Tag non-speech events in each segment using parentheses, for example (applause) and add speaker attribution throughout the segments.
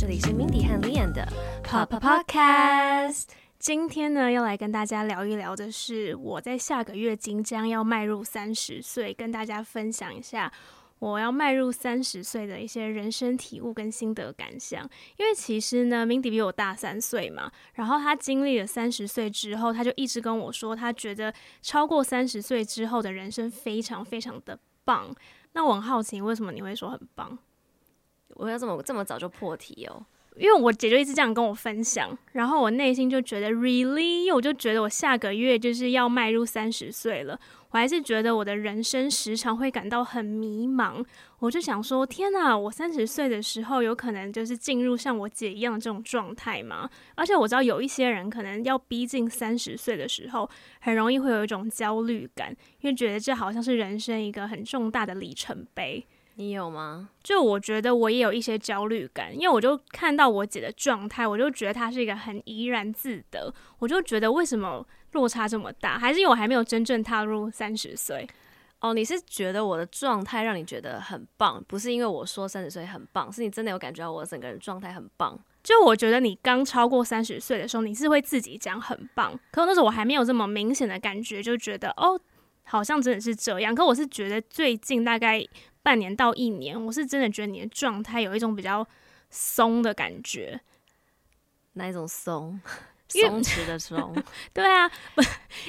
Speaker 1: 這裡是 Mindy 和 Lianne 的 Pop Pop Podcast。今天呢，要來跟大家聊一聊的是，我在下個月即將要邁入三十歲，跟大家分享一下我要邁入三十歲的一些人生體悟跟心得感想。因為其實呢，Mindy 比我大三歲嘛，然後他經歷了三十歲之後，他就一直跟我說，他覺得超過三十歲之後的人生非常非常的棒。那我很好奇，為什麼你會說很棒？我要怎麼這麼早就破題哦？因為我姐就一直這樣跟我分享，然後我內心就覺得 really，因為我就覺得我下個月就是要邁入三十歲了，我還是覺得我的人生時常會感到很迷茫。我就想說，天哪，啊，我三十歲的時候有可能就是進入像我姐一樣的這種狀態嗎？而且我知道有一些人可能要逼近三十歲的時候，很容易會有一種焦慮感，因為覺得這好像是人生一個很重大的里程碑。你有嗎？就我覺得我也有一些焦慮感，因為我就看到我姐的狀態，我就覺得她是一個很怡然自得，我就覺得為什麼落差這麼大？還是因為我還沒有真正踏入三十歲？哦，你是覺得我的狀態讓你覺得很棒，不是因為我說三十歲很棒，是你真的有感覺到我整個人狀態很棒。就我覺得你剛超過三十歲的時候，你是會自己講很棒，可我那時候我還沒有這麼明顯的感覺，就覺得哦，好像真的是這樣。可我是覺得最近大概。半年到一年，我是真的覺得你的狀態有一種比較鬆的感覺，哪一種鬆？鬆弛的時候因為， (laughs) 對啊，不，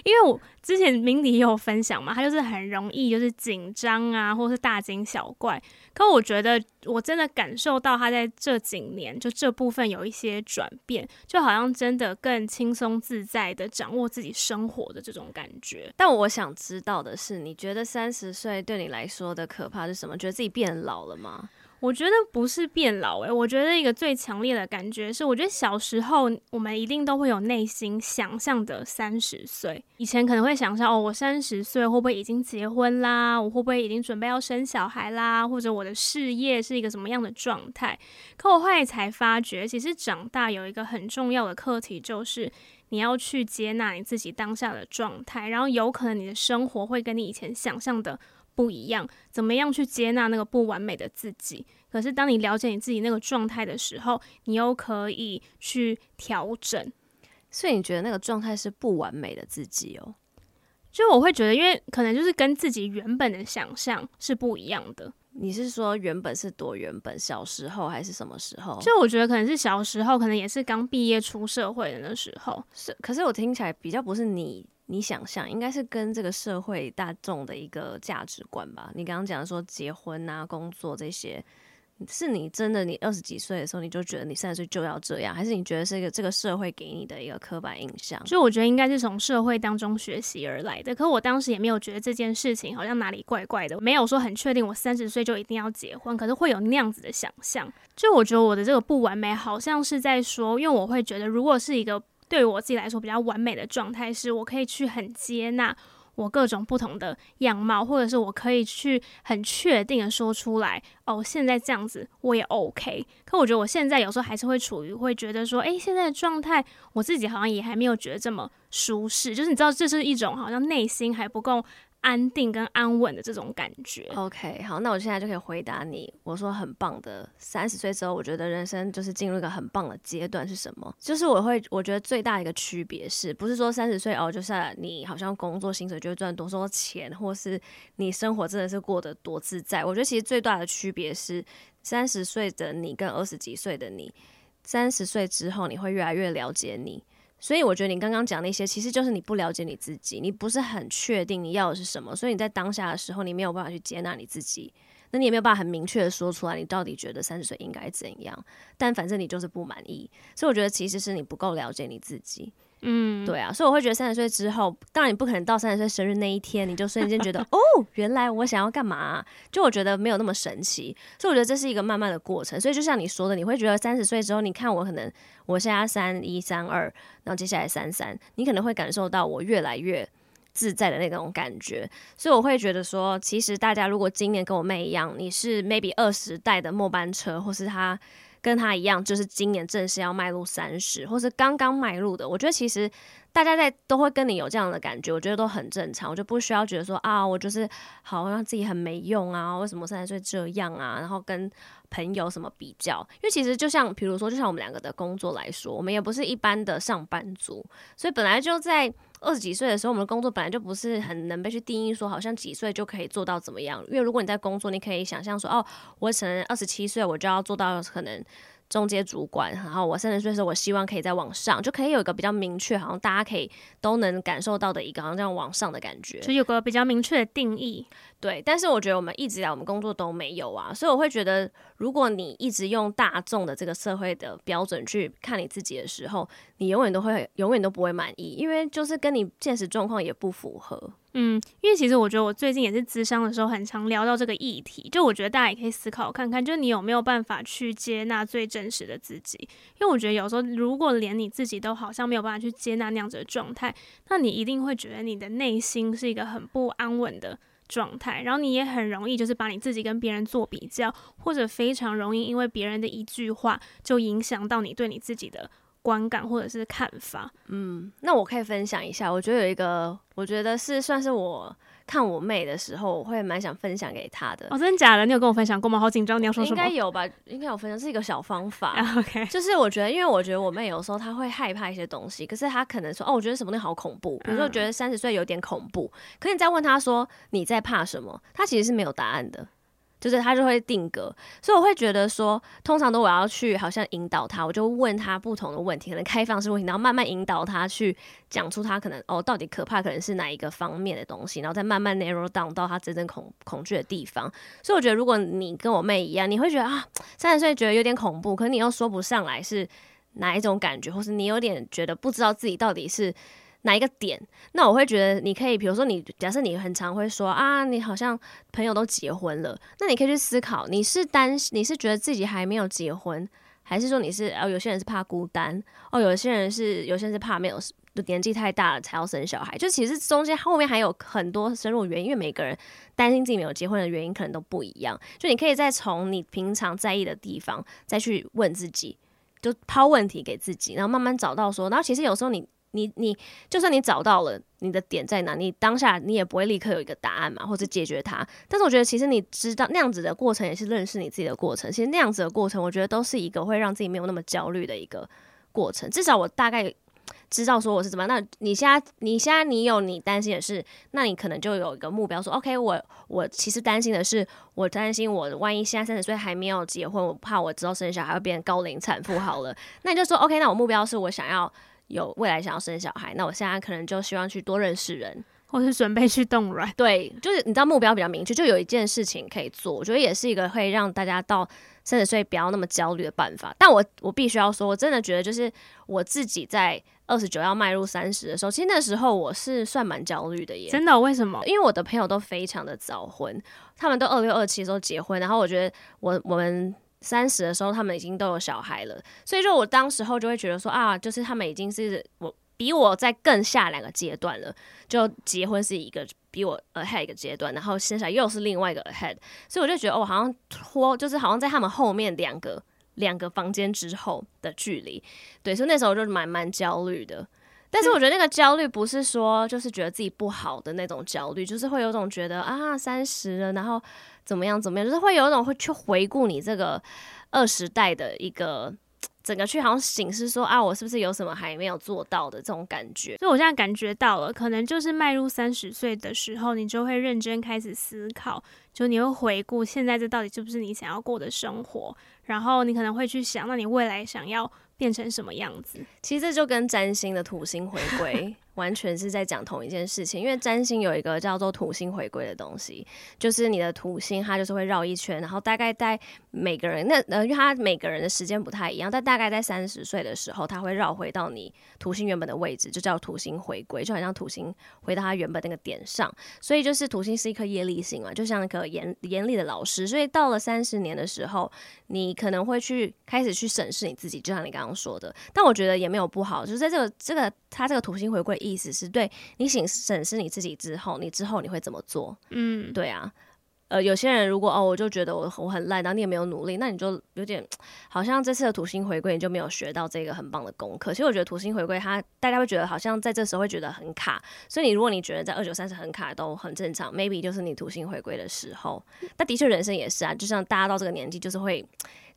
Speaker 1: 因為我之前明迪也有分享嘛，他就是很容易就是緊張啊，或是大驚小怪。可我覺得我真的感受到他在這幾年就這部分有一些轉變，就好像真的更輕鬆自在的掌握自己生活的這種感覺。但我想知道的是，你覺得三十歲對你來說的可怕是什麼？覺得自己變老了嗎？我覺得不是變老誒，我覺得一個最強烈的感覺是，我覺得小時候我們一定都會有內心想象的三十歲。以前可能會想象哦，我三十歲會不會已經結婚啦？我會不會已經準備要生小孩啦？或者我的事業是一個什麼樣的狀態？可我後來才發覺，其實長大有一個很重要的課題，就是你要去接納你自己當下的狀態，然後有可能你的生活會跟你以前想象的。不一樣，怎麼樣去接納那個不完美的自己？可是當你了解你自己那個狀態的時候，你又可以去調整。所以你覺得那個狀態是不完美的自己哦？就我會覺得，因為可能就是跟自己原本的想象是不一樣的。你是說原本是多原本小時候還是什麼時候？就我覺得可能是小時候，可能也是剛畢業出社會的時候。嗯。是，可是我聽起來
Speaker 2: 比較不是你。你想象應該是跟這個社會大衆的一個價值觀吧？你剛剛講說結婚啊、工作這些，是你真的你二十幾歲的時候
Speaker 1: 你就覺得你三十歲就要這樣，還是你覺得是一個這個社會給你的一個刻板印象？所以我覺得應該是從社會當中學習而來的。可是我當時也沒有覺得這件事情好像哪裡怪怪的，沒有說很確定我三十歲就一定要結婚，可是會有那樣子的想象。就我覺得我的這個不完美好像是在說，因為我會覺得如果是一個。對於我自己來說，比較完美的狀態是我可以去很接納我各種不同的樣貌，或者是我可以去很確定的說出來，哦，現在這樣子我也 OK。可我覺得我現在有時候還是會處於會覺得說，誒，現在的狀態我自己好像也還沒有覺得這麼舒適，就是你知道，這是一種好像內心還不夠。安定跟安穩的這種感覺。OK，好，那我現在就可以回答你。我說很棒的，三十歲之後，我覺得人
Speaker 2: 生就是進入一個很棒的階段是什麼？就是我會，我覺得最大一個區別是，不是說三十歲哦，就是、啊、你好像工作薪水就會賺多少錢，或是你生活真的是過得多自在。我覺得其實最大的區別是，三十歲的你跟二十幾歲的你，三十歲之後你會越來越了解你。所以我覺得你剛剛講那些，其實就是你不了解你自己，你不是很確定你要的是什麼，所以你在當下的時候，你沒有辦法去接納你自己，那你也沒有辦法很明確的說出來，你到底覺得三十歲應該怎樣？但反正你就是不滿意，所以我覺得其實是你不夠了解你自己。嗯，對啊，所以我會覺得三十歲之後，當然你不可能到三十歲生日那一天，你就瞬間覺得， (laughs) 哦，原來我想要幹嘛啊？就我覺得沒有那麼神奇，所以我覺得這是一個慢慢的過程。所以就像你說的，你會覺得三十歲之後，你看我可能我現在三一三二，然後接下來三三，你可能會感受到我越來越自在的那種感覺。所以我會覺得說，其實大家如果今年跟我妹一樣，你是 maybe 二十代的末班車，或是他。跟他一樣，就是今年正式要邁入三十，或是剛剛邁入的，我覺得其實大家在都會跟你有這樣的感覺，我覺得都很正常，我就不需要覺得說啊，我就是好像自己很沒用啊，為什麼三十歲這樣啊？然後跟朋友什麼比較，因為其實就像比如說，就像我們兩個的工作來說，我們也不是一般的上班族，所以本來就在。二十幾歲的時候，我們工作本來就不是很能被去定義，說好像幾歲就可以做到怎麼樣。因為如果你在工作，你可以想象說，哦，我可能二十七歲，我就要做到可能。中間主管，然後我三十歲的時候，我希望可以在往上，就可以有一個比較明確，好像大家可以都能感受到的一個，好像這樣往上的感覺，所以有一個比較明確的定義。對，但是我覺得我們一直以來我們工作都沒有啊，所以我會覺得，如果你一直用大眾的這個社會的標準去看你自己的時候，你永遠都會永遠都不會滿意，因為就是跟你現實狀況也不符合。
Speaker 1: 嗯，因為其實我覺得我最近也是諮商的時候，很常聊到這個議題。就我覺得大家也可以思考看看，就你有沒有辦法去接納最真實的自己？因為我覺得有時候，如果連你自己都好像沒有辦法去接納那樣子的狀態，那你一定會覺得你的內心是一個很不安穩的狀態。然後你也很容易就是把你自己跟別人做比較，或者非常容易因為別人的一句話就影響到你對你自己的。觀感或者是看法，嗯，那我可以分享
Speaker 2: 一下。我覺得有一個，我覺得是算是我看我妹的時候，我會蠻想分享給她的。哦，真
Speaker 1: 的假的？你有跟我分享過嗎？好緊張，我你要說什麼？應該有
Speaker 2: 吧，應該有分享，是一個小方法。Yeah, OK，就是我覺得，因為我覺得我妹有時候她會害怕一些東西，可是她可能說，哦，我覺得什麼東西好恐怖？比如說，覺得三十歲有點恐怖。嗯，可是你再問她說你在怕什麼，她其實是沒有答案的。就是他就會定格，所以我會覺得說，通常都我要去好像引導他，我就問他不同的問題，可能開放式問題，然後慢慢引導他去講出他可能哦到底可怕可能是哪一個方面的東西，然後再慢慢 narrow down 到他真正恐恐懼的地方。所以我覺得，如果你跟我妹一樣，你會覺得啊，三十歲覺得有點恐怖，可是你又說不上來是哪一種感覺，或是你有點覺得不知道自己到底是，哪一個點？那我會覺得你可以，比如說你假設你很常會說啊，你好像朋友都結婚了，那你可以去思考，你是擔心你是覺得自己還沒有結婚，還是說你是哦，有些人是怕孤單哦，有些人是有些人是怕沒有年紀太大了才要生小孩，就其實中間後面還有很多深入原因，因為每個人擔心自己沒有結婚的原因可能都不一樣。就你可以再從你平常在意的地方再去問自己，就拋問題給自己，然後慢慢找到說，然後其實有時候你。你你，就算你找到了你的點在哪，你當下你也不會立刻有一個答案嘛，或者解決它。但是我覺得其實你知道那樣子的過程也是認識你自己的過程。其實那樣子的過程，我覺得都是一個會讓自己沒有那麼焦慮的一個過程。至少我大概知道說我是怎麼樣。那你現在你現在你有你擔心的事，那你可能就有一個目標說，OK，我我其實擔心的是，我擔心我萬一現在三十歲還沒有結婚，我怕我之後生小孩會變成高齡產婦。好了，那你就說 OK，那我目標是我想要。有未來想要生小孩，那我現在可能就希望去多認識人，或是準備去凍卵。對，就是你知道目標比較明確，就有一件事情可以做，我覺得也是一個會讓大家到三十歲不要那麼焦慮的辦法。但我我必須要說，我真的覺得就是我自己在二十九要邁入三十的時候，其實那時候我是算蠻焦慮的耶。真的哦？為什麼？因為我的朋友都非常的早婚，他們都二六二七的時候結婚，然後我覺得我我們。三十的時候，他們已經都有小孩了，所以說，我當時候就會覺得說啊，就是他們已經是我比我在更下兩個階段了，就結婚是一個比我 ahead 一個階段，然後生下來又是另外一個 ahead，所以我就覺得哦，好像拖，就是好像在他們後面兩個兩個房間之後的距離，對，所以那時候就蠻蠻焦慮的。但是我覺得那個焦慮不是說就是覺得自己不好的那種焦慮，就是會有種覺得啊三十了，然後怎麼樣怎麼樣，就是會有一種會去回顧你這個二十代的一個
Speaker 1: 整個去好像省思，說啊我是不是有什麼還沒有做到的這種感覺，所以我現在感覺到了，可能就是邁入三十歲的時候，你就會認真開始思考，就你會回顧現在這到底是不是你想要過的生活，然後你可能會去想，那你未來想要。變成什麼樣子？其實這就跟占星的土星回歸， (laughs) 完
Speaker 2: 全是在講同一件事情，因為占星有一個叫做土星回歸的東西，就是你的土星它就是會繞一圈，然後大概在每個人那呃，因為它每個人的時間不太一樣，但大概在三十歲的時候，它會繞回到你土星原本的位置，就叫土星回歸，就很像土星回到它原本那個點上。所以就是土星是一顆業力星啊，就像一個嚴嚴厲的老師。所以到了三十年的時候，你可能會去開始去審視你自己，就像你剛剛說的，但我覺得也沒有不好，就是在這個這個它這個土星回歸一。意思是對你醒審視你自己之後，你之後你會怎麼做？嗯，對啊，呃，有些人如果哦，我就覺得我我很爛，然後你也沒有努力，那你就有點好像這次的土星回歸你就沒有學到這個很棒的功課。其實我覺得土星回歸它，他大家會覺得好像在這時候會覺得很卡，所以你如果你覺得在二九三十很卡都很正常，maybe 就是你土星回歸的時候。嗯，但的確人生也是啊，就像大家到這個年紀，就是會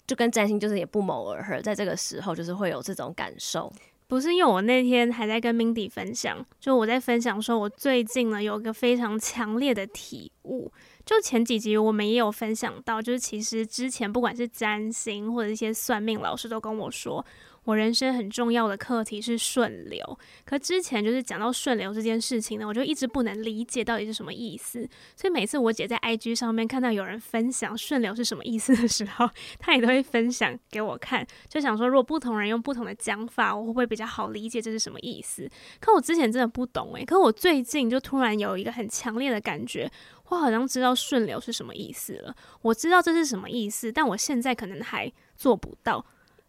Speaker 2: 就跟占星就是也不謀而合，
Speaker 1: 在這個時候就是會有這種感受。不是因為我那天還在跟 Mindy 分享，就我在分享說，我最近呢有一個非常強烈的體悟。就前幾集我們也有分享到，就是其實之前不管是占星或者一些算命老師都跟我說。我人生很重要的課題是順流，可之前就是講到順流這件事情呢，我就一直不能理解到底是什麼意思。所以每次我姐在 IG 上面看到有人分享順流是什麼意思的時候，她也都會分享給我看，就想說如果不同人用不同的講法，我會不會比較好理解這是什麼意思？可我之前真的不懂誒、欸。可我最近就突然有一個很強烈的感覺，我好像知道順流是什麼意思了。我知道這是什麼意思，但我現在可能還做不到。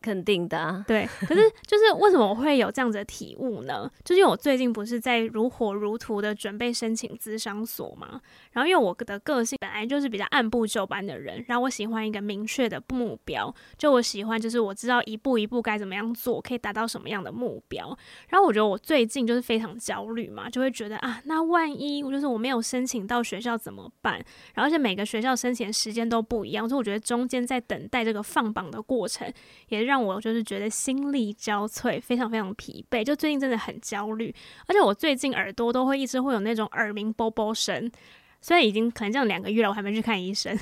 Speaker 1: 肯定的、啊，對。可是就是為什麼我會有這樣子的體悟呢？ (laughs) 就是因為我最近不是在如火如荼的準備申請諮商所嘛？然後因為我的個性本來就是比較按部就班的人，然後我喜歡一個明確的目標，就我喜歡就是我知道一步一步該怎麼樣做，可以達到什麼樣的目標。然後我覺得我最近就是非常焦慮嘛，就會覺得啊，那萬一我就是我沒有申請到學校怎麼辦？然後而且每個學校申請時間都不一樣，所以我覺得中間在等待這個放榜的過程也讓。讓我就是覺得心力交瘁，非常非常疲憊。就最近真的很焦慮，而且我最近耳朵都會一直會有那種耳鳴啵啵聲。所以已經可能這樣兩個月了，我還沒去看醫生，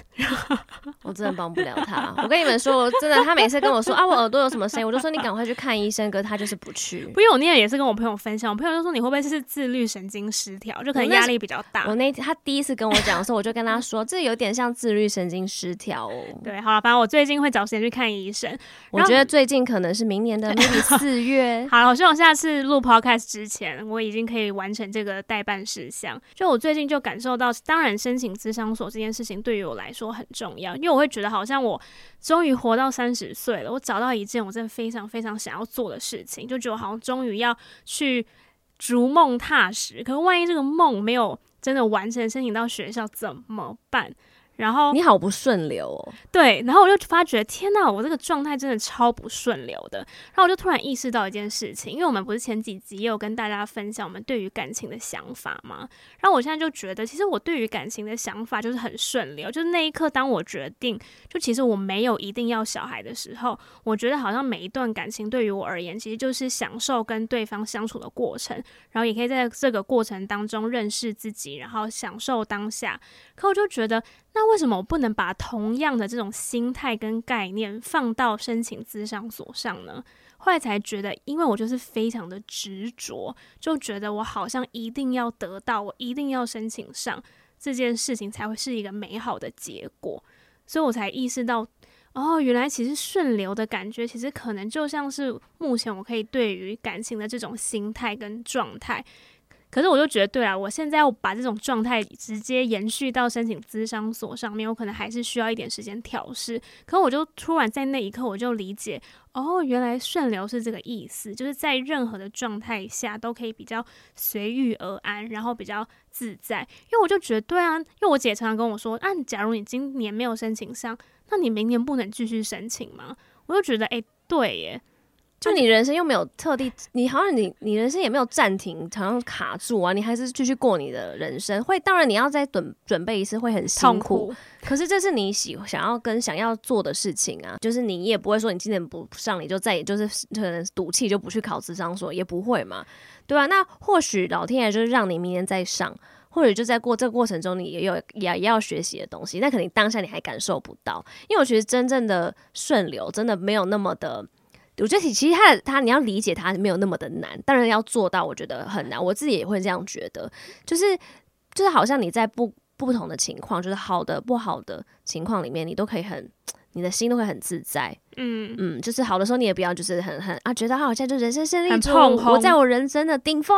Speaker 1: 我
Speaker 2: 真的幫不了他。 (laughs) 我跟你們
Speaker 1: 說，我真的，他每次跟我說 (laughs) 啊，我耳朵有
Speaker 2: 什麼聲音， (laughs) 我就說你趕快去看醫生，可是，他就是不去。
Speaker 1: 不，因為我那天也是跟我朋友分享，我朋友就說你會不會是自律神經失調？就可能壓力比
Speaker 2: 較大。我那天他第一次跟我講的時候，我就跟他說， (laughs) 這有點
Speaker 1: 像自律神經失調哦。對，好了，反正我最近會找時間去看醫生。我覺得最近可能是明年的 maybe 四 (laughs) 月。 (laughs) 好了，所以我希望下次錄 podcast 之前，我已經可以完成這個代辦事項。就我最近就感受到。當然，申請諮商所這件事情對於我來說很重要，因為我會覺得好像我終於活到三十歲了，我找到一件我真的非常非常想要做的事情，就覺得好像終於要去逐夢踏實。可是萬一這個夢沒有真的完成，申請到學校怎麼辦？然後，你好不順流哦？對，然後我就發覺，天哪，我這個狀態真的超不順流的。然後我就突然意識到一件事情，因為我們不是前幾集也有跟大家分享我們對於感情的想法嗎？然後我現在就覺得，其實我對於感情的想法就是很順流，就是那一刻當我決定，就其實我沒有一定要小孩的時候，我覺得好像每一段感情對於我而言，其實就是享受跟對方相處的過程，然後也可以在這個過程當中認識自己，然後享受當下。可我就覺得。那為什麼我不能把同樣的這種心態跟概念放到申請諮商所上呢？後來才覺得，因為我就是非常的執着，就覺得我好像一定要得到，我一定要申請上這件事情才會是一個美好的結果，所以我才意識到，哦，原來其實順流的感覺，其實可能就像是目前我可以對於感情的這種心態跟狀態。可是我就覺得，對啊，我現在要把這種狀態直接延續到申請諮商所上面，我可能還是需要一點時間調適。可我就突然在那一刻，我就理解，哦，原來順流是這個意思，就是在任何的狀態下都可以比較隨遇而安，然後比較自在。因為我就覺得，對啊，因為我姐常常跟我說，啊，假如你今年沒有申請上，那你明年不能繼續申請嗎？我就覺得，哎、欸，對
Speaker 2: 耶。就你人生又沒有特地，你好像你你人生也沒有暫停，好像卡住啊，你還是繼續過你的人生。會，當然你要再準準備一次會很辛苦，苦可是這是你喜想要跟想要做的事情啊。就是你也不會說你今年不上你就再也就是可能賭氣就不去考智商說也不會嘛，對吧、啊？那或許老天爺就是讓你明年再上，或者就在過這個過程中你也有也也要學習的東西。那肯定當下你還感受不到，因為我覺得真正的順流真的沒有那麼的。我覺得其實他的他，你要理解他沒有那麼的難。當然要做到，我覺得很難，我自己也會這樣覺得。就是就是，好像你在不，不不同的情況，就是好的不好的情況裡面，你都可以很，你的心都會很自在。嗯 (noise) 嗯，就是好的時候你也不要就是很很啊，覺得好像就人生勝利，很我在我人生的頂峰。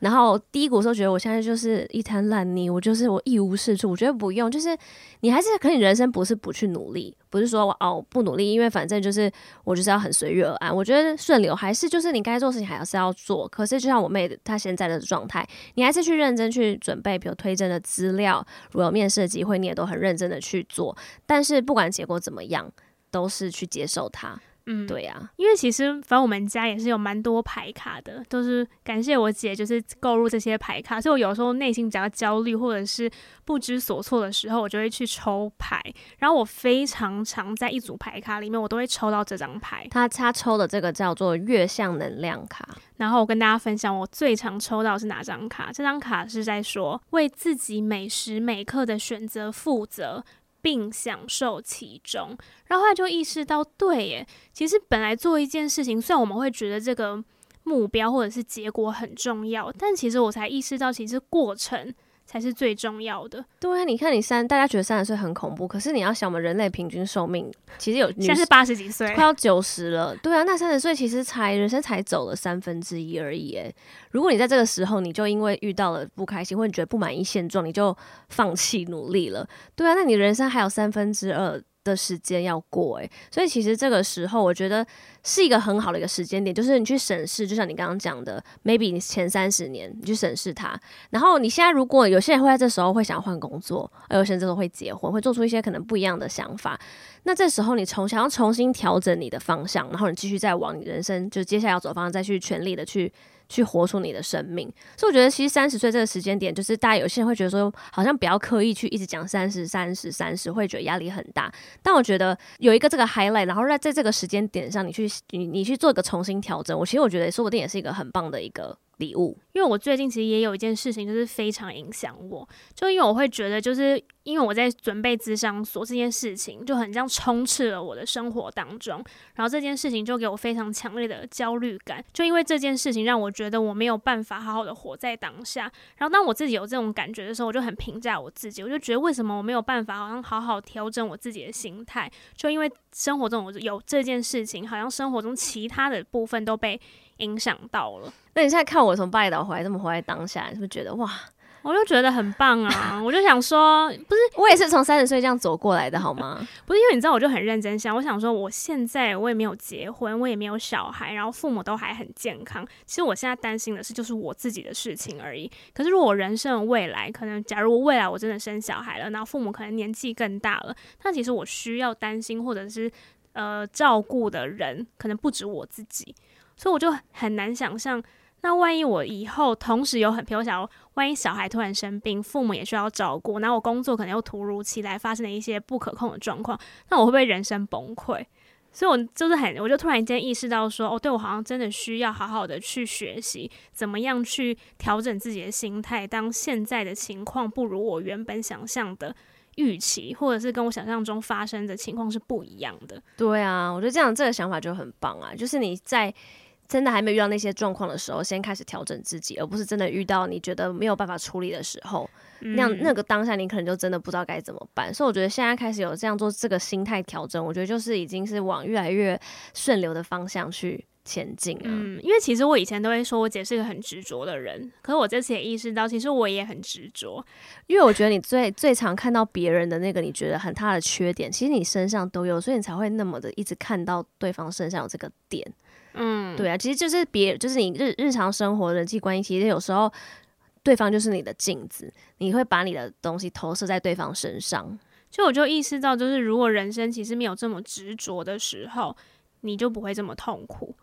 Speaker 2: 然後低谷的時候覺得我現在就是一灘爛泥，我就是我一無是處。我覺得不用，就是你還是可以人生不是不去努力，不是說我哦不努力，因為反正就是我就是要很隨遇而安。我覺得順流還是就是你該做的事情還是要做。可是就像我妹的她現在的狀態，你還是去認真去準備，比如推薦的資料，如果有面試的機會，你也都很認真的去做。但是不管結果怎麼樣。都是去接受它，
Speaker 1: 嗯，對呀、啊，因為其實反正我們家也是有蠻多牌卡的，都、就是感謝我姐就是購入這些牌卡。所以我有時候內心比較焦慮或者是不知所措的時候，我就會去抽牌。然後我非常常在一組牌卡裡面，我都會抽到這張牌。他他
Speaker 2: 抽的這個叫做月相能量卡。
Speaker 1: 然後我跟大家分享，我最常抽到是哪張卡？這張卡是在說，為自己每時每刻的選擇負責並享受其中，然後他就意識到，對，誒，其實本來做一件事情，雖然我們會覺得這個目標或者是結果很重要，但其實我才意識到，其實過程才是最重要的。
Speaker 2: 對啊，你看你三，大家覺得三十歲很恐怖，可是你要想，我們人類平均壽命其實有現在是八
Speaker 1: 十幾歲，快要
Speaker 2: 九十了。對啊，那三十歲其實才人生才走了三分之一而已。哎，如果你在這個時候你就因為遇到了不開心，或者你覺得不滿意現狀，你就放棄努力了。對啊，那你的人生還有三分之二。的時間要過、欸、所以其實這個時候，我覺得是一個很好的一個時間點，就是你去審視，就像你剛剛講的，maybe 你前三十年你去審視它，然後你現在如果有些人會在這時候會想要換工作，而有些人這時候會結婚，會做出一些可能不一樣的想法，那這時候你從想要重新調整你的方向，然後你繼續再往你人生就接下來要走的方向再去全力的去。去活出你的生命，所以我覺得其實三十歲這個時間點，就是大家有些人會覺得說，好像比較刻意去一直講三十、三十、三十，會覺得壓力很大。但我覺得有一個這個 highlight，然後在在這個時間點上你，你去你你去做一個重新調整，我其實我覺得說不定也是一個很棒的一個。禮物，
Speaker 1: 因為我最近其實也有一件事情，就是非常影響我，就因為我會覺得，就是因為我在準備諮商所這件事情，就很像充斥了我的生活當中。然後這件事情就給我非常強烈的焦慮感，就因為這件事情讓我覺得我沒有辦法好好的活在當下。然後當我自己有這種感覺的時候，我就很評價我自己，我就覺得為什麼我沒有辦法好像好好調整我自己的心態，就因為生活中我有這件事情，好像生活中其他的部分都被。影響到了。
Speaker 2: 那你現在看我從巴厘島回來，這麼回來當下，你是不是覺得哇？
Speaker 1: 我就覺得很棒啊！ (laughs) 我就想說，不是，我也是從三十歲這
Speaker 2: 樣走過來的，好嗎？ (laughs)
Speaker 1: 不是，因為你知道，我就很認真想，我想說，我現在我也沒有結婚，我也沒有小孩，然後父母都還很健康。其實我現在擔心的是就是我自己的事情而已。可是如果我人生的未來，可能假如我未來我真的生小孩了，然後父母可能年紀更大了，那其實我需要擔心或者是呃照顧的人，可能不止我自己。所以我就很難想象，那萬一我以後同時有很譬如，我想要萬一小孩突然生病，父母也需要照顧，那我工作可能又突如其來發生了一些不可控的狀況，那我會不會人生崩潰？所以我就是很，我就突然間意識到說，哦，對我好像真的需要好好的去學習，怎麼樣去調整自己的心態，當現在的情況不如我原本想象的預期，或者是跟我想象中發生的情況是不一樣的。
Speaker 2: 對啊，我覺得這樣這個想法就很棒啊，就是你在。真的還沒有遇到那些狀況的時候，先開始調整自己，而不是真的遇到你覺得沒有辦法處理的時候，那樣、嗯、那個當下你可能就真的不知道該怎麼辦。所以我覺得現在開始有這樣做，這個心態調整，我覺得就是已經是往越來越順流的方向去前進啊、嗯。因
Speaker 1: 為其實我以前都會說我姐是一個很執着的人，可是我這次也意識到，其實我也很執着。
Speaker 2: (laughs) 因為我覺得你最最常看到別人的那個你覺得很大的缺點，其實你身上都有，所以你才會那麼的一直看到對方身上有這個點。嗯，對啊，其實就是別，就是你日日常生活的人際關係，其實有時候對方就是你的鏡子，你會把你的東西投射在對方身上。
Speaker 1: 就我就意識到，就是如果人生其實沒有這麼執着的時候，你就不會這麼痛苦。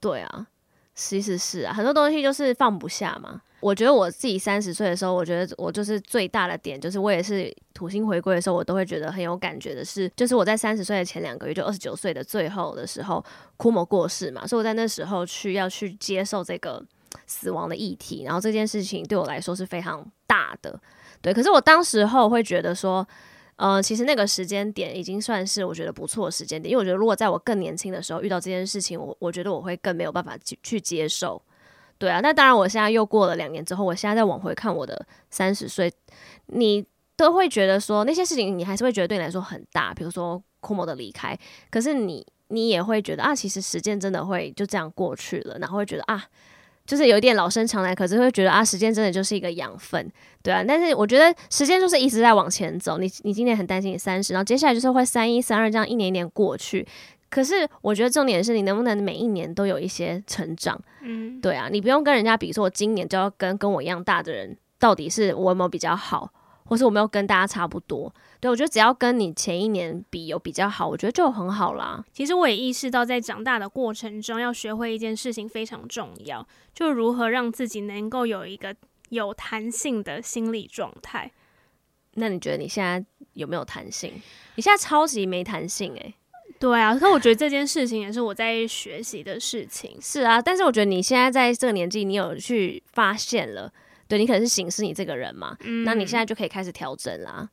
Speaker 2: 對啊，其實是，是啊，很多東西就是放不下嘛。我覺得我自己三十歲的時候，我覺得我就是最大的點，就是我也是土星回歸的時候，我都會覺得很有感覺的是，就是我在三十歲的前兩個月，就二十九歲的最後的時候，姑母過世嘛，所以我在那時候去要去接受這個死亡的議題，然後這件事情對我來說是非常大的，對。可是我當時候會覺得說，嗯、呃，其實那個時間點已經算是我覺得不錯的時間點，因為我覺得如果在我更年輕的時候遇到這件事情，我我覺得我會更沒有辦法去，去接受。對啊，那當然，我現在又過了兩年之後，我現在再往回看我的三十歲，你都會覺得說那些事情，你還是會覺得對你來說很大，比如說空莫的離開。可是你，你也會覺得啊，其實時間真的會就這樣過去了，然後會覺得啊，就是有一點老生常談，可是會覺得啊，時間真的就是一個養分，對啊。但是我覺得時間就是一直在往前走，你你今年很擔心你三十，然後接下來就是會三一三二這樣一年一年過去。可是我覺得重點是你能不能每一年都有一些成長，嗯，對啊，你不用跟人家比，說我今年就要跟跟我一樣大的人，到底是我有沒有比較好，或是我沒有跟大家差不多？對，我覺得只要跟你前一年比有比較好，我覺得就很好啦。
Speaker 1: 其實我也意識到在長大的過程中，要學會一件事情非常重要，就是如何讓自己能夠有一個有彈性的心理狀態。
Speaker 2: 那你覺得你現在
Speaker 1: 有沒有彈性？你現在超級沒彈性誒、欸。對啊，可是我覺得這件事情也是我在學習的事情。 (laughs)
Speaker 2: 是啊，但是我覺得你現在在這個年紀，你有去發現了，對你可能是省思你這個人嘛，嗯、那你現在就可以開始調整啦。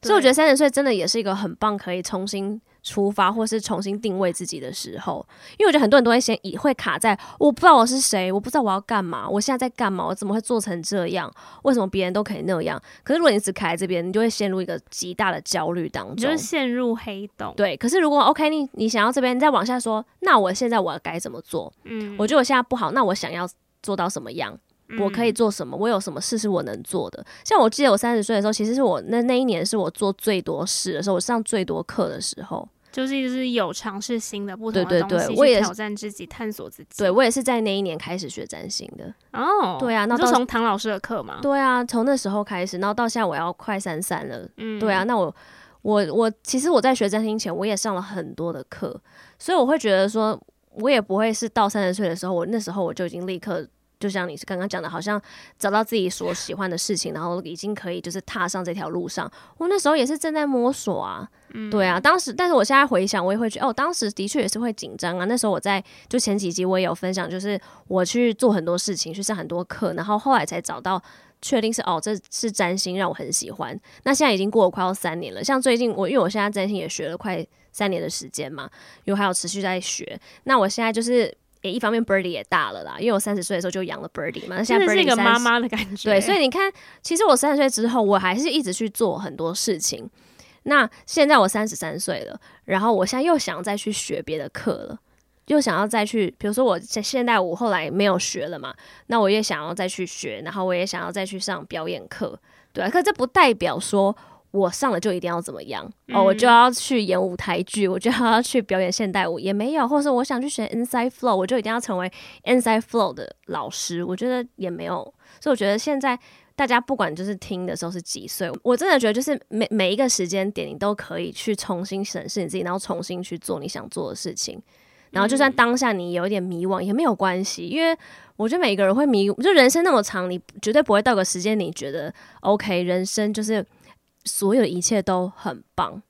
Speaker 2: 對所以我覺得三十歲真的也是一個很棒，可以重新。出發，或是重新定位自己的時候，因為我覺得很多人都會先以會卡在我不知道我是誰，我不知道我要幹嘛，我現在在幹嘛，我怎麼會做成這樣？為什麼別人都可以那樣？可是如果你只卡在這邊，你就會陷入一個極大的焦慮當中，你就是陷
Speaker 1: 入黑洞。
Speaker 2: 對，可是如果 OK，你你想要這邊，你再往下說，那我現在我要該怎麼做？嗯，我覺得我現在不好，那我想要做到什麼樣？嗯，我可以做什麼？我有什麼事是我能做的？像我記得我三十歲的時候，其實是我那那一年是我做最多事的時候，我上最多課的時候。
Speaker 1: 就是一直有嘗試新的不同的東西，挑戰自己、對對對，探索自己。我也
Speaker 2: 是，對，我也是在那一年開始學占星的
Speaker 1: 哦。Oh, 對啊，那是從唐老師
Speaker 2: 的課嗎？對啊，從那時候開始，然後到現在我要快三三了。嗯，對啊，那我我我其實我在學占星前，我也上了很多的課，所以我會覺得說，我也不會是到三十歲的時候，我那時候我就已經立刻。就像你是剛剛講的，好像找到自己所喜歡的事情，然後已經可以就是踏上這條路上。我那時候也是正在摸索啊，對啊，當時，但是我現在回想，我也會覺得哦，當時的確也是會緊張啊。那時候我在就前幾集我也有分享，就是我去做很多事情，去上很多課，然後後來才找到確定是哦，這是占星讓我很喜歡。那現在已經過了快要三年了，像最近我因為我現在占星也學了快三年的時間嘛，因為還有持續在學。那我現在就是。也一方面 Birdie 也大了啦，因為我三十歲的時候就養了 Birdie 嘛，現在 Birdie 是一個媽媽的感覺。對，所以你看，其實我三十歲之後，我還是一直去做很多事情。那現在我三十三歲了，然後我現在又想要再去學別的課了，又想要再去，比如說我現在我後來沒有學了嘛，那我也想要再去學，然後我也想要再去上表演課，對啊，可是這不代表說。我上了就一定要怎麼樣哦？Oh, 嗯、我就要去演舞台劇，我就要去表演現代舞，也沒有。或者我想去學 Inside Flow，我就一定要成為 Inside Flow 的老師，我覺得也沒有。所以我覺得現在大家不管就是聽的時候是幾歲，我真的覺得就是每每一個時間點，你都可以去重新審視你自己，然後重新去做你想做的事情。然後就算當下你有一點迷惘也沒有關係，因為我覺得每一個人會迷，就人生那麼長，你絕對不會到個時間你覺得 OK，人生就是。所有一切都很棒，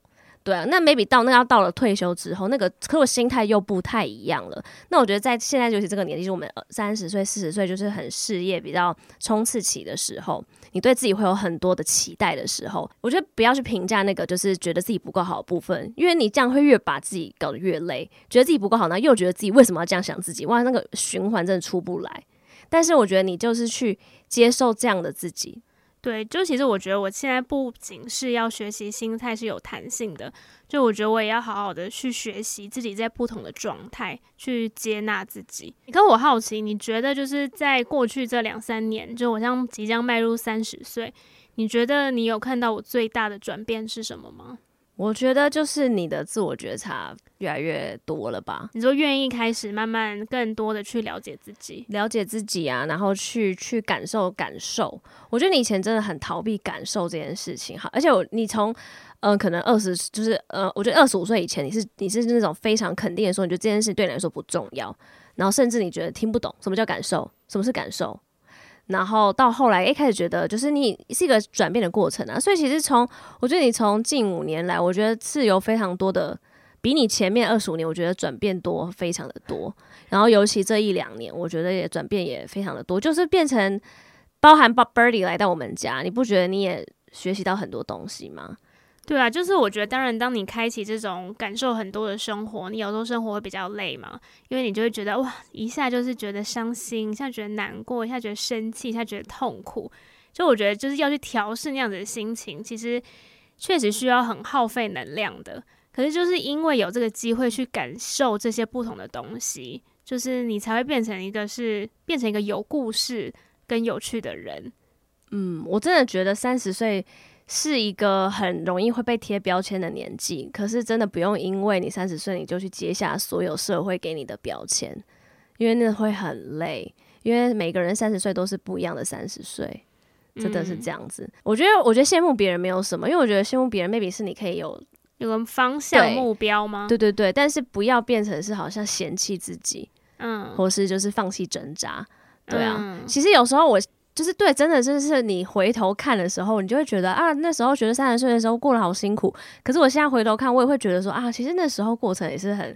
Speaker 2: 對啊。那 maybe 到那要到了退休之後，那個可我心態又不太一樣了。那我覺得在現在尤其這個年紀，我們三十歲、四十歲，就是很事業比較衝刺期的時候，你對自己會有很多的期待的時候，我覺得不要去評價那個就是覺得自己不夠好的部分，因為你這樣會越把自己搞得越累，覺得自己不夠好呢，又覺得自己為什麼要這樣想自己，哇，那個循環真的出不來。但是我覺得你就是去接受這樣的自己。
Speaker 1: 對，就其實我覺得我現在不僅是要學習心態是有彈性的，就我覺得我也要好好的去學習自己在不同的狀態去接納自己。可我好奇，你覺得就是在過去這兩三年，就我將即將邁入三十歲，你覺得你有看到我最大的轉變是什麼嗎？
Speaker 2: 我覺得就是你的自我覺察越來越多了吧？
Speaker 1: 你就願意開始慢慢更多的去了解自己，
Speaker 2: 了解自己啊，然後去去感受感受。我覺得你以前真的很逃避感受這件事情，哈。而且我你從，嗯，呃，可能二十就是呃，我覺得二十五歲以前你是你是那種非常肯定的說，你覺得這件事對你來說不重要，然後甚至你覺得聽不懂什麼叫感受，什麼是感受。然後到後來，一開始覺得就是你是一個轉變的過程啊，所以其實從我覺得你從近五年來，我覺得是有非常多的，比你前面二十五年我覺得轉變多，非常的多。然後尤其這一兩年，我覺得也轉變也非常的多，就是變成包含 Birdy 來到我們家，你不覺得你也學習到很多東西嗎？
Speaker 1: 對啊，就是我覺得，當然，當你開啟這種感受很多的生活，你有時候生活會比較累嘛，因為你就會覺得哇，一下就是覺得傷心，一下覺得難過，一下覺得生氣，一下覺得痛苦。就我覺得，就是要去調試那樣子的心情，其實確實需要很耗費能量的。可是就是因為有這個機會去感受這些不同的東西，就是你才會變成一個是，是變成一個有故事跟有趣的人。
Speaker 2: 嗯，我真的覺得三十歲。是一個很容易會被貼標籤的年紀，可是真的不用因為你三十歲你就去接下所有社會給你的標籤，因為那會很累。因為每個人三十歲都是不一樣的三十歲，真的是這樣子。嗯、我覺得，我覺得羨慕別人沒有什麼，因為我覺得羨慕別人，maybe 是你可以有
Speaker 1: 有個方向目標嗎？對對
Speaker 2: 對，但是不要變成是好像嫌棄自己，
Speaker 1: 嗯，或
Speaker 2: 是就是放棄掙扎，
Speaker 1: 對啊。嗯、
Speaker 2: 其實有時候我。就是對，真的，就是你回頭看的時候，你就會覺得啊，那時候覺得三十歲的時候過得好辛苦。可是我現在回頭看，我也會覺得說啊，其實那時候過程也是很，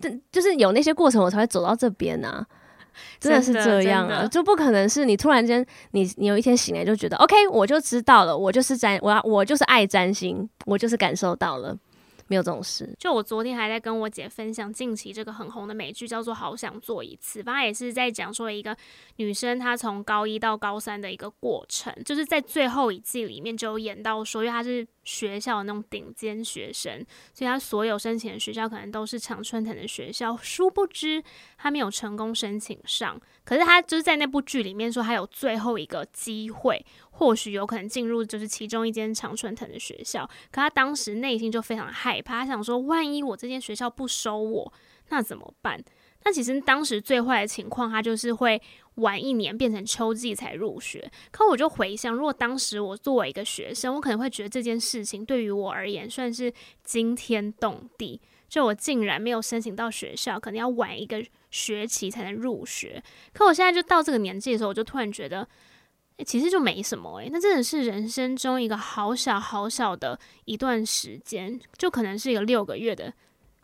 Speaker 2: 但就是有那些過程，我才會走到這邊呢、啊。
Speaker 1: 真的是這樣啊，就
Speaker 2: 不可能是你突然間你，你你有一天醒來就覺得 OK，我就知道了，我就是占，我要我就是愛占星，我就是感受到了。沒有這種事。
Speaker 1: 就我昨天還在跟我姐分享近期這個很紅的美劇，叫做《好想做一次》，反正也是在講說一個女生她從高一到高三的一個過程，就是在最後一季裡面就有演到說，因為她是。學校的那種頂尖學生，所以他所有申請的學校可能都是常春藤的學校。殊不知，他沒有成功申請上。可是他就是在那部劇裡面說，他有最後一個機會，或許有可能進入就是其中一間常春藤的學校。可他當時內心就非常害怕，他想說，萬一我這間學校不收我，那怎麼辦？那其實當時最壞的情況，他就是會。晚一年變成秋季才入學，可我就回想，如果當時我作為一個學生，我可能會覺得這件事情對於我而言算是驚天動地，就我竟然沒有申請到學校，可能要晚一個學期才能入學。可我現在就到這個年紀的時候，我就突然覺得，欸，其實就沒什麼誒、欸，那真的是人生中一個好小好小的一段時間，就可能是一個六個月的。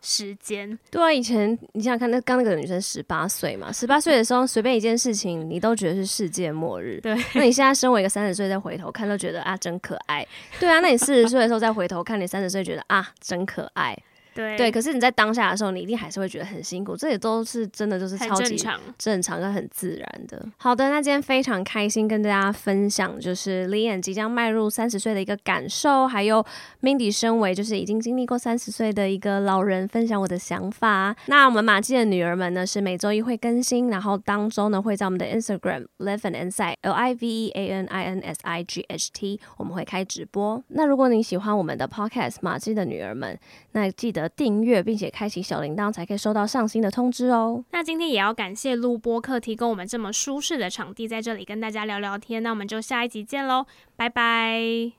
Speaker 1: 時間。
Speaker 2: 對啊，以前你想想看那，那剛那個女生十八歲嘛，十八歲的時候隨便一件事情，你都覺得是世界末日。對， (laughs) 那你現在身為一個三十歲再回頭看，都覺得啊，真可愛。對啊，那你四十歲的時候再回頭看你三十歲，覺得啊，真可愛。對，對，可是你在當下的時候，你一定還是會覺得很辛苦，這也都是真的，就是超級正常、正常很自然的。好的，那今天非常開心跟大家分享，就是 Lianne 即將邁入三十歲的一個感受，還有 Mindy 身為就是已經經歷過三十歲的一個老人，分享我的想法。那我們馬季的女兒們呢，是每周一會更新，然後當中呢會在我們的 Instagram Live an Insight L I V E A N I N S I G H T 我們會開直播。那如果你喜歡我們的 Podcast《馬季的女兒們》，那記得，訂閱並且開啟小鈴鐺，才可以收到上新的通知哦。
Speaker 1: 那今天也要感謝錄播客提供我們這麼舒適的場地，在這裡跟大家聊聊天。那我們就下一集見嘍，拜拜。